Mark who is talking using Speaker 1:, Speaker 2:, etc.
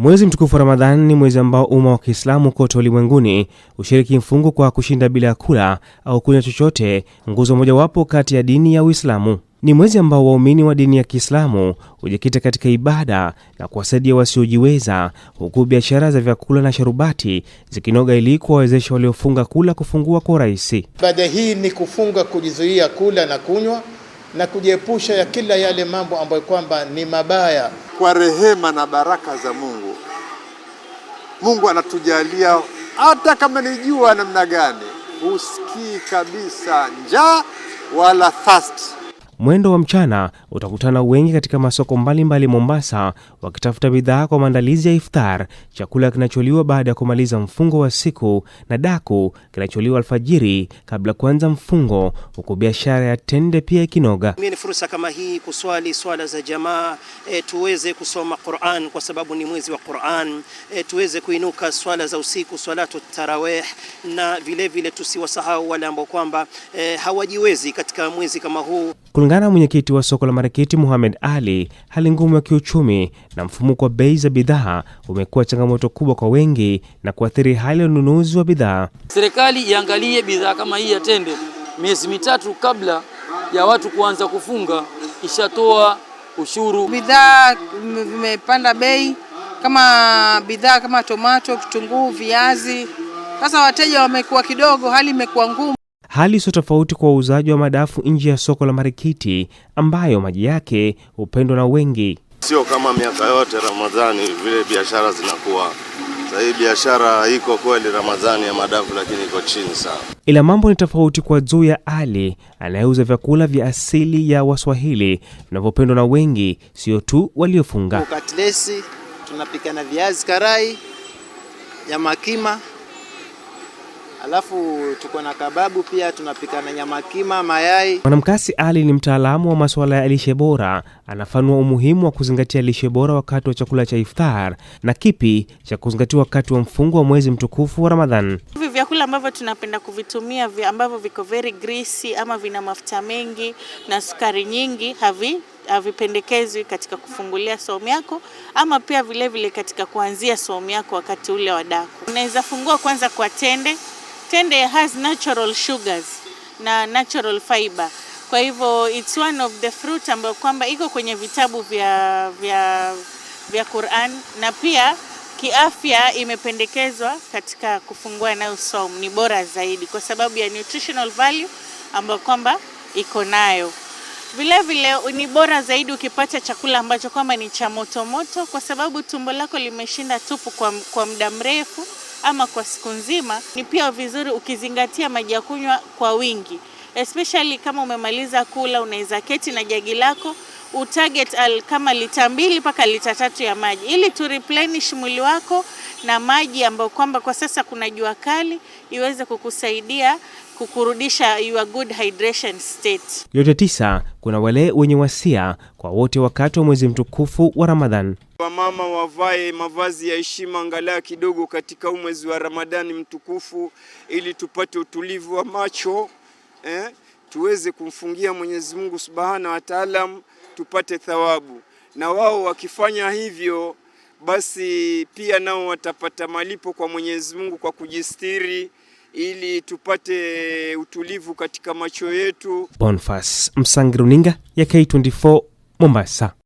Speaker 1: Mwezi mtukufu wa Ramadhani ni mwezi ambao umma wa Kiislamu kote ulimwenguni hushiriki mfungo kwa kushinda bila ya kula au kunywa chochote, nguzo mojawapo kati ya dini ya Uislamu. Ni mwezi ambao waumini wa dini ya Kiislamu hujikita katika ibada na kuwasaidia wasiojiweza, huku biashara za vyakula na sharubati zikinoga ili kuwawezesha waliofunga kula kufungua kwa urahisi.
Speaker 2: Ibada hii ni kufunga, kujizuia kula na kunywa na kujiepusha ya kila yale mambo ambayo kwamba ni mabaya
Speaker 3: kwa rehema na baraka za Mungu. Mungu anatujalia hata kama ni jua namna gani, husikii kabisa njaa wala thirst
Speaker 1: Mwendo wa mchana utakutana wengi katika masoko mbalimbali Mombasa, wakitafuta bidhaa kwa maandalizi ya iftar, chakula kinacholiwa baada ya kumaliza mfungo wa siku na daku kinacholiwa alfajiri kabla kuanza mfungo, huku biashara ya tende pia ikinoga.
Speaker 4: Mimi ni fursa kama hii kuswali swala za jamaa e, tuweze kusoma Qur'an kwa sababu ni mwezi wa Qur'an e, tuweze kuinuka swala za usiku, swalatu tarawih, na vilevile tusiwasahau wale ambao kwamba e, hawajiwezi katika mwezi kama huu
Speaker 1: Kulingana na mwenyekiti wa soko la Marikiti muhamed Ali, hali ngumu ya kiuchumi na mfumuko wa bei za bidhaa umekuwa changamoto kubwa kwa wengi na kuathiri hali ya ununuzi wa bidhaa.
Speaker 5: Serikali iangalie bidhaa kama hii ya tende, miezi mitatu kabla ya watu kuanza kufunga ishatoa ushuru.
Speaker 6: Bidhaa vimepanda bei, kama bidhaa kama tomato, kitunguu, viazi. Sasa wateja wamekuwa kidogo, hali imekuwa ngumu
Speaker 1: hali sio tofauti kwa uuzaji wa madafu nje ya soko la Marikiti ambayo maji yake hupendwa na wengi.
Speaker 7: Sio kama miaka yote Ramadhani vile biashara zinakuwa sasa hii biashara iko kweli Ramadhani ya madafu lakini iko chini sana.
Speaker 1: Ila mambo ni tofauti kwa juu ya Ali anayeuza vyakula vya asili ya Waswahili vinavyopendwa na wengi, sio tu waliofunga.
Speaker 8: Katlesi tunapika na viazi karai ya makima Alafu tuko na kababu pia, tunapika na nyama kima, mayai.
Speaker 1: Mwanamkasi Ali ni mtaalamu wa masuala ya lishe bora, anafanua umuhimu wa kuzingatia lishe bora wakati wa chakula cha iftar na kipi cha kuzingatia wakati wa mfungo wa mwezi mtukufu wa Ramadhan.
Speaker 9: Hivi vyakula ambavyo tunapenda kuvitumia ambavyo viko very greasy ama vina mafuta mengi na sukari nyingi havi havipendekezwi katika kufungulia saumu yako ama pia vilevile vile katika kuanzia saumu yako wakati ule wa daku. Unaweza fungua kwanza kwa tende Tende has natural sugars na natural fiber. Kwa hivyo it's one of the fruit ambayo kwamba iko kwenye vitabu vya, vya, vya Qur'an na pia kiafya imependekezwa katika kufungua nayo saumu, ni bora zaidi kwa sababu ya nutritional value ambayo kwamba iko nayo. Vilevile ni bora zaidi ukipata chakula ambacho kwamba ni cha motomoto, kwa sababu tumbo lako limeshinda tupu kwa, kwa muda mrefu ama kwa siku nzima, ni pia vizuri ukizingatia maji ya kunywa kwa wingi especially kama umemaliza kula, unaweza keti na jagi lako utarget al kama lita mbili mpaka lita tatu ya maji ili tu replenish mwili wako na maji ambayo kwamba kwa sasa kuna jua kali iweze kukusaidia kukurudisha your good hydration state.
Speaker 1: Yote tisa kuna wale wenye wasia kwa wote wakati wa mwezi mtukufu wa Ramadhan.
Speaker 10: Wamama wavae mavazi ya heshima angalau kidogo katika huu mwezi wa Ramadhani mtukufu ili tupate utulivu wa macho eh, tuweze kumfungia Mwenyezi Mungu Subhanahu wa Ta'ala tupate thawabu, na wao wakifanya hivyo basi pia nao watapata malipo kwa Mwenyezi Mungu kwa kujistiri ili tupate utulivu katika macho yetu.
Speaker 1: Bonfas Msangi, Runinga ya K24, Mombasa.